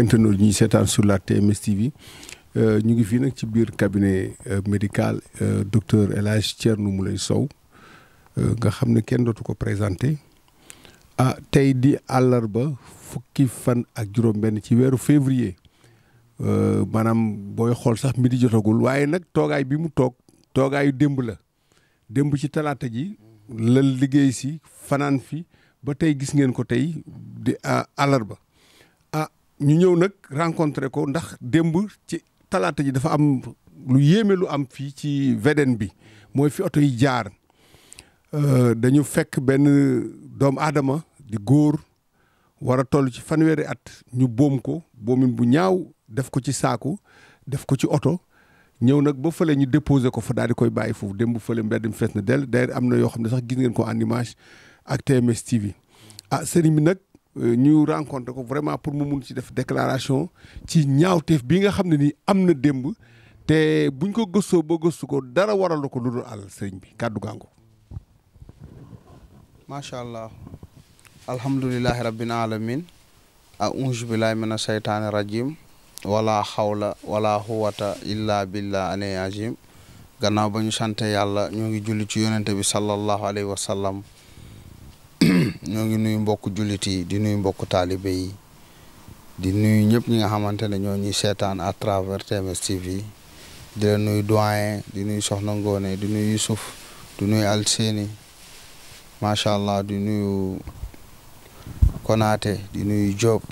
internet ñuy seetaan sur la TMS TV euh, ñu ngi fii nag ci biir cabinet euh, médical euh, docteur El Hadj mu Mouleye Sow nga xam ne kenn dootu ko présenté ah tey di àllarba fukki fan ak juróom-benn ci weeru février maanaam booy xool sax midi jotagul waaye nag toogaay bi mu toog toogaayu démb la démb ci talaata ji lal liggéey si fanaan fi ba tey gis ngeen ko tey di àllarba. ñu ñëw nag rencontré ko ndax démb ci talaata ji dafa am lu yéeme lu am fii ci VDN bi mooy fi oto yi jaar euh, dañu fekk benn doomu aadama di góor war a toll ci fanweeri at ñu boom ko boomin bu ñaaw def ko ci saaku def ko ci oto ñëw nag ba fële ñu déposé ko fa daal di koy bàyyi foofu démb fële mbedd mi fees na dell d'ailleurs am na yoo xam ne sax gis ngeen ko animage image ak TMS TV ah sëriñ bi nag Euh, ñu rencontré ko vraiment pour mu mun ci def déclaration ci ñaawteef bii nga xam ne ni am na démb te buñ ko gëstoo ba gëstu ko dara waral ko lu dul àll sëriñ bi kàddu gàngo macha allah alhamdulilahi rabbil alamin a unge bilahi min a seytaani rajim wala xawla wala xuwata illa billah ane azim gannaaw ba ñu sante yàlla ñoo ngi julli ci yonente bi sallallahu alayhi wa sallam ñoo ngi nuyu mbokk jullit yi di nuyu mbokku taalibe yi di nuyu ñëpp ñi nga xamante ne ñoo ñuy seetaan à travers TMS TV di la nuyu doyen di nuyu Soxna Ngoone di nuyu Youssouf di nuyu Alseeni macha allah di nuyu Konaate di nuyu Diop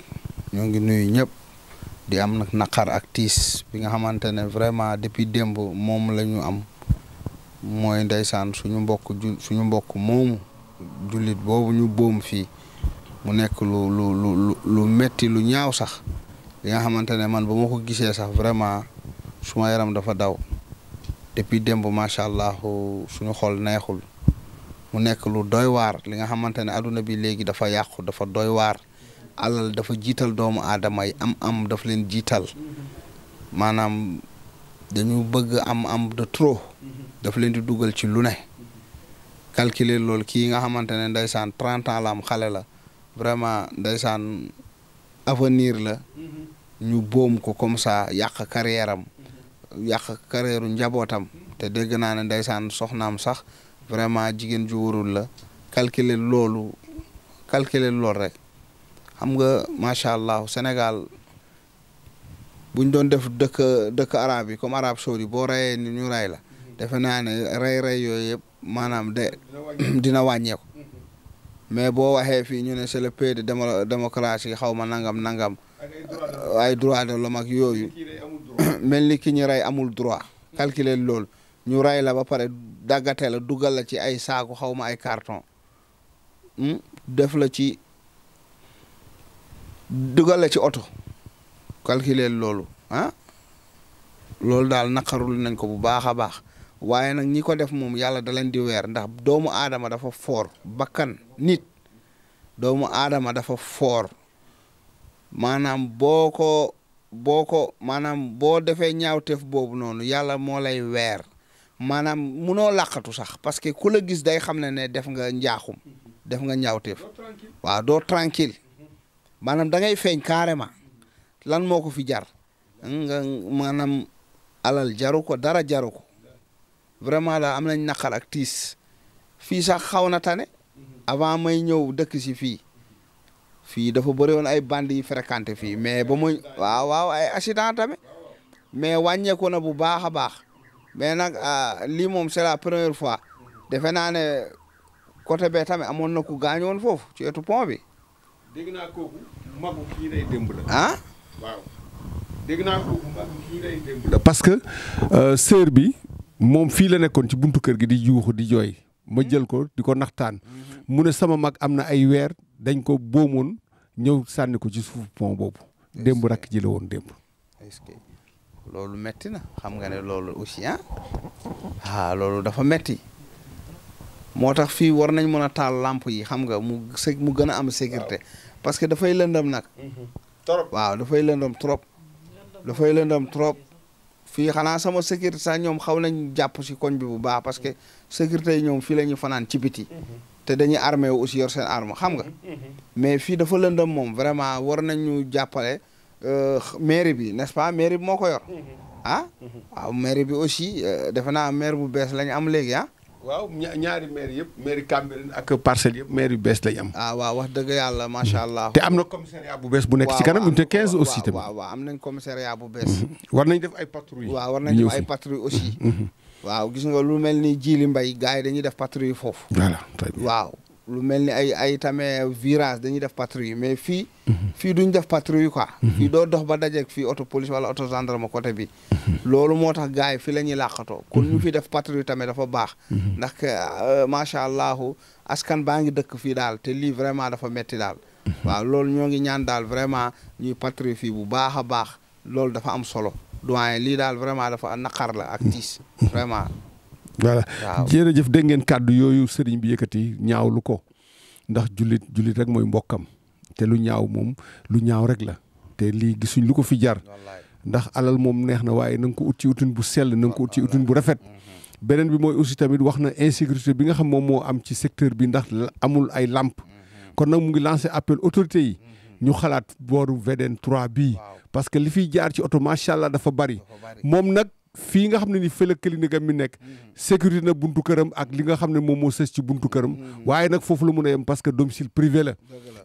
ñoo ngi nuyu ñëpp di am nag naqar ak bi nga xamante ne vraiment depuis démb moom la ñu am mooy ndeysaan suñu mbokk suñu mbokk moomu. jullit boobu ñu boom fii mu nekk lu lu lu lu metti lu ñaaw sax li nga xamante ne man ba ma ko gisee sax vraiment suma yaram dafa daw depuis démb macha allah suñu xol neexul mu nekk lu doy waar li nga xamante ne adduna bi léegi dafa yàqu dafa doy waar alal dafa jiital doomu aadama yi am am dafa leen jiital maanaam dañu bëgg am am de trop dafa leen di dugal ci lu ne calculer loolu kii nga xamante ne ndeysaan trente ans la am xale la vraiment ndeysaan avenir la mhm. ñu boom ko comme ça yàq carrière am yàq carrière njabootam te dégg naa ne ndeysaan soxnaam sax vraiment jigéen ju warul la calculer loolu calculer lool rek xam nga macha allah Sénégal bu doon def dëkk dëkk arabe yi comme arabe saudi boo rayee ni ñu ray la mhm. defe naa rey-rey yooyu maanaam de dina wàññeeku mais boo waxee fii ñu ne c'est le pays de démocratie xaw ma nangam nangam ay droit de l'homme ak yooyu mel ni ki ñu rey amul droit calculer loolu ñu ray la ba pare daggatee la dugal ci ay saaku xawma ay carton hmm? def la ci dugal ci oto calculer loolu ah? loolu daal naqarul nañ ko bu baax a baax waaye nag ñi ko def moom yàlla da leen di weer ndax doomu aadama dafa foor bakkan nit doomu aadama dafa foor maanaam boo ko boo ko maanaam boo defee ñaawteef boobu noonu yàlla moo lay weer maanaam munoo làqatu sax parce que ku la gis day xam ne ne def nga njaaxum def nga ñaawteef waaw doo tranquille maanaam da ngay feeñ carrément lan moo ko fi jar nga maanaam alal jaru ko dara jaru ko vraiment la am nañ naqar tiis fii sax xaw na tane avant may ñëw dëkk si fii fii dafa bëri woon ay band yi fréquenté fii mais ba muy waaw waaw ay accident tamit mais wàññeeku na bu baax a baax mais nag ah, lii moom c'est la première fois defe naa ne côté bee tamit amoon na ku gaañ woon foofu ci wetu pont bi. dégg naa kooku ah? parce que euh, sœur bi. moom fii la nekkoon ci buntu kër gi di yuuxu di jooy ma hmm. jël ko di ko naxtaan hmm. mu ne sama mag am na ay weer dañ ko boomoon ñëw sànni ko ci suuf pont boobu démb rakk ji la woon démb loolu metti na xam nga ne loolu aussi ah ah loolu dafa metti moo tax fii war nañ mën a taal làmp yi xam nga mu mu gën a am sécurité parce que dafay lëndëm nag mhm. trop waaw dafay lëndëm trop dafay lëndëm trop fii xanaa sama sécurité sa ñoom xaw nañ jàpp si koñ bi bu baax parce que sécurité yi ñoom fii la ñuy fanaan ci biti te dañuy armé wu aussi yor seen arme xam nga mais fii dafa lëndëm moom vraiment war nañu jàppale euh, mairie bi n'est-ce pas mairie bi moo ko yor mhm. ah mhm. waaw mairie bi aussi euh, defe naa maire bu bees la ñu am léegi ah waaw ñaari maire yëpp maire Cambérène ak parcelle yëpp maire yu bees lañ am. ah waaw wax dëgg yàlla macha hmm. allah. te am na commissariat bu bees bu nekk si kanam ñu te 15 aussi tamit. waaw waaw am nañ commissariat bu bees. Hmm. war nañ def ay patrouilles. waaw war nañ def ay patrouilles aussi. Hmm. waaw gis nga lu mel ni Djily mbay gars yi dañuy def patrouille foofu. voilà waaw. lu mel ni ay ay tamit virage dañuy def patrouille mais fii. Mhm. fii duñ def patrouille quoi. Mhm. fii doo dox ba dajeeg fii auto police wala auto ma côté bi. Mhm. loolu moo tax gars yi fii la ñuy làqatoo. kon ñu fi def patrouille tamit dafa baax. ndax euh, macha allah askan baa ngi dëkk fii daal te lii vraiment dafa metti daal. waaw loolu ñoo ngi ñaan daal vraiment ñuy patrouille fii bu baax a baax loolu dafa am solo doyen lii daal vraiment dafa naqar la ak tiis vraiment. voilà jërëjëf dégg ngeen kàddu yooyu sëriñ bi yëkkati ñaawlu ko ndax jullit jullit rek mooy mbokkam te lu ñaaw moom lu ñaaw rek la te lii gisuñ lu ko fi jar ndax alal moom neex na waaye na nga ko ut ci utin bu sell na nga ko ut ci utin bu rafet mm-hmm. beneen bi mooy aussi tamit wax na insécurité bi nga xam moom moo am ci secteur bi ndax amul ay làmp mm-hmm. kon nag mu ngi lancé appel autorité yi mm-hmm. ñu xalaat booru VDN 3 bii parce que li fiy jaar ci oto macha allah dafa bari moom nag fii nga xam ne ni fële clinique am mi nekk mhm. sécurité na buntu këram ak li nga xam ne moom moo sës ci buntu këram mhm. waaye nag foofu la mun a yem parce que domicile privé la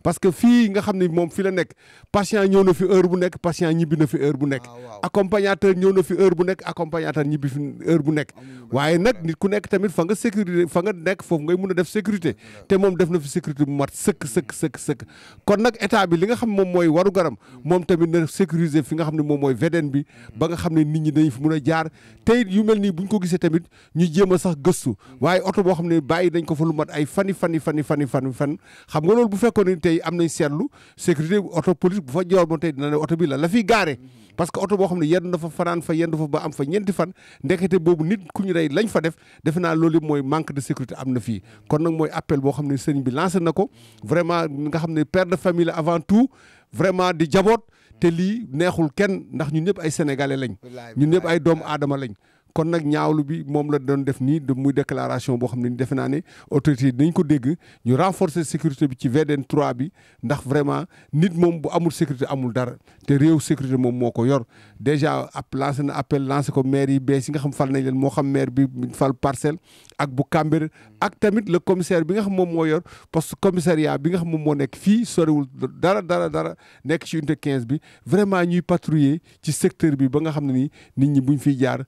parce que fii nga xam ne moom fii la nekk a ñëw na fi heure bu nekk patient ñibbi na fi heure bu nekk ah, accompagnateur ñëw na fi heure bu nekk accompagnateur ñibbi fi heure bu nekk waaye nag nit ku nekk tamit fanga nga sécurité fa nekk foofu ngay mun a def sécurité te moom def na fi sécurité bu mat sëkk sëkk mm. sëkk sëkk kon nag état bi li nga xam moom mooy waru garam mm. moom tamit na sécuriser fi nga xam ne moom mooy VDN bi mm. ba nga xam ne nit ñi dañu fi mun a jaar te yu mel nii ñu ko gisee tamit ñu jéem a sax gëstu waaye oto boo xam ne bàyyi dañ ko fa lu mat ay fani fani fani fani fani fan xam nga loolu bu fekkoon ne tey am nañ seetlu sécurité oto police bu fa joor moon tey dina ne oto bi la la fiy gaare mm-hmm. parce que oto boo xam ne yenn dafa fanaan fa yenn fa ba am fa ñeenti fan ndekete boobu nit ku ñu rey lañ fa def defe naa loolu yëpp mooy manque de sécurité am na fii mm-hmm. kon nag mooy appel boo xam ne sëriñ bi lancé na ko vraiment nga xam ne per de famille la avant tout vraiment di jaboot mm-hmm. te lii neexul kenn ndax ñun ñëpp ay sénégalais lañ ñun ñëpp ay doomu aadama lañ kon nag ñaawlu bi moom la doon def nii de muy déclaration boo xam ne defe naa ne autorité yi ko dégg ñu renforcer sécurité bi ci VDN 3 bi ndax vraiment nit moom bu amul sécurité amul dara te réew sécurité moom moo ko yor déjà ab lancé na appel lancé ko maire yi bees yi nga xam fal nañ leen moo xam maire bi fal parcelle ak bu Cambérène ak tamit le commissaire bi nga xam moom moo yor poste commissariat bi nga xam moom moo nekk fii soriwul dara dara dara nekk ci unité 15 bi vraiment ñuy patrouiller ci secteur bi ba nga xam ne nii nit ñi buñ fiy jaar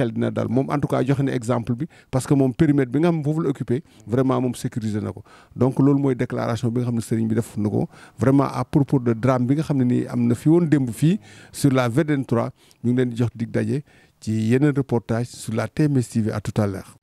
xel dina dal moom en tout cas joxe na exemple bi parce que moom périmètre bi nga xam foofu la occupé vraiment moom sécuriser na ko donc loolu mooy déclaration bi nga xam ne sëriñ bi def na ko vraiment à propos de drame bi nga xam ne nii am na fi woon démb fii sur la VDN 3 ñu ngi leen di jox dig daje ci yeneen reportage sur la TMS TV à tout à l'heure